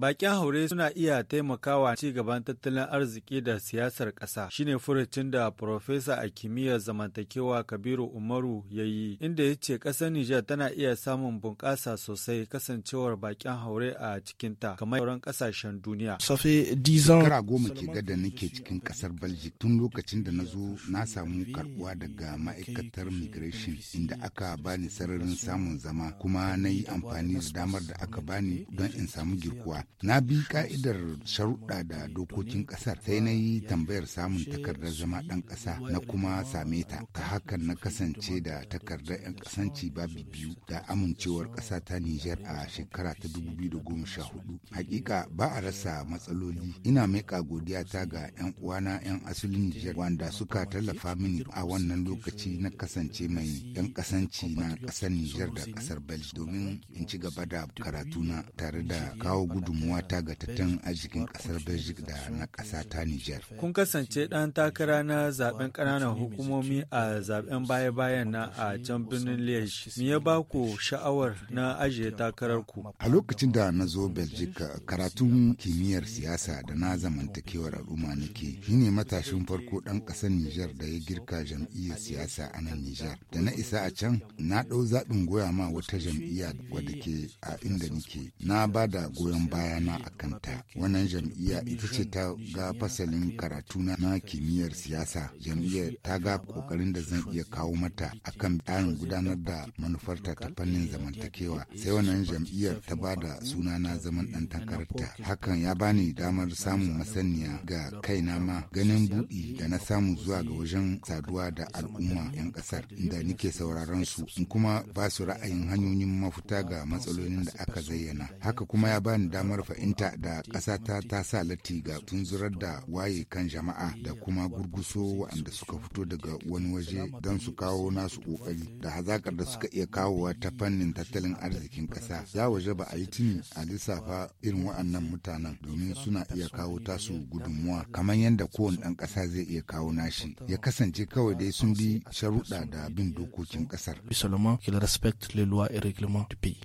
Bakin haure suna iya taimakawa ci gaban tattalin arziki da siyasar ƙasa shine furucin da Profesa a kimiyyar zamantakewa Kabiru Umaru ya yi, inda ya ce ƙasar Nijar tana iya samun bunƙasa sosai kasancewar bakin haure a cikinta kamar sauran ƙasashen duniya. Safe dizan. kara goma ke gada nake cikin ƙasar Belgium tun lokacin da na zo na samu karɓuwa daga ma'aikatar migration inda aka bani sararin samun zama kuma na yi amfani da damar da aka bani don in samu girkuwa. Na bi ka'idar sharuɗa da dokokin ƙasar sai na yi tambayar samun takardar zama ɗan ƙasa na kuma same ta. Ta hakan na kasance da takardar 'yan ƙasanci babu biyu da amincewar ƙasa ta Nijar a shekara ta 2014. Hakika ba a rasa matsaloli. Ina maiƙa godiya ta ga 'yan uwana 'yan asalin Nijar wanda suka tallafa mini a wannan lokaci na kasance mai 'yan ƙasanci na ƙasar Nijar da ƙasar Belgium domin in ci gaba da karatu na tare da kawo gudu gudunmuwata ga tattalin arzikin kasar Belgium da na ƙasa ta Niger. Kun kasance ɗan takara na zaben ƙananan hukumomi a zaben baya-bayan na a can birnin Liège. Me ya ba ku sha'awar na ajiye takarar ku? A lokacin da na zo Belgium karatun kimiyyar siyasa da na zamantakewar al'umma nake, ni ne matashin farko ɗan ƙasar Niger da ya girka jam'iyyar siyasa a nan Niger. Da na isa a can, na dau zaɓin goya ma wata jam'iyya wadda ke a inda nake. Na ba da goyon baya bayana a kanta wannan jam'iyya ita ce ta ga fasalin karatu na kimiyyar siyasa jam'iyyar ta ga kokarin da zan iya kawo mata akan tsarin gudanar da manufarta ta fannin zamantakewa sai wannan jam'iyyar ta ba da suna na zaman dan takararta hakan ya bani damar samun masaniya ga kaina ma ganin buɗi da na samu zuwa ga wajen saduwa da al'umma 'yan ƙasar inda nike sauraron su in kuma ba su ra'ayin hanyoyin mafuta ga matsalolin da aka zayyana haka kuma ya bani damar damar fahimta da ƙasa ta ta sa latti ga tunzurar da waye kan jama'a da kuma gurguso waɗanda suka fito daga wani waje don su kawo nasu ƙoƙari da hazakar da suka iya kawowa ta fannin tattalin arzikin ƙasa ya waje ba a yi tuni a lissafa irin waɗannan mutanen domin suna iya kawo tasu gudunmuwa kamar yadda kowane ɗan ƙasa zai iya kawo nashi ya kasance kawai dai sun bi sharuɗa da bin dokokin ƙasar. Seulement qu'il respecte les lois et règlements du pays.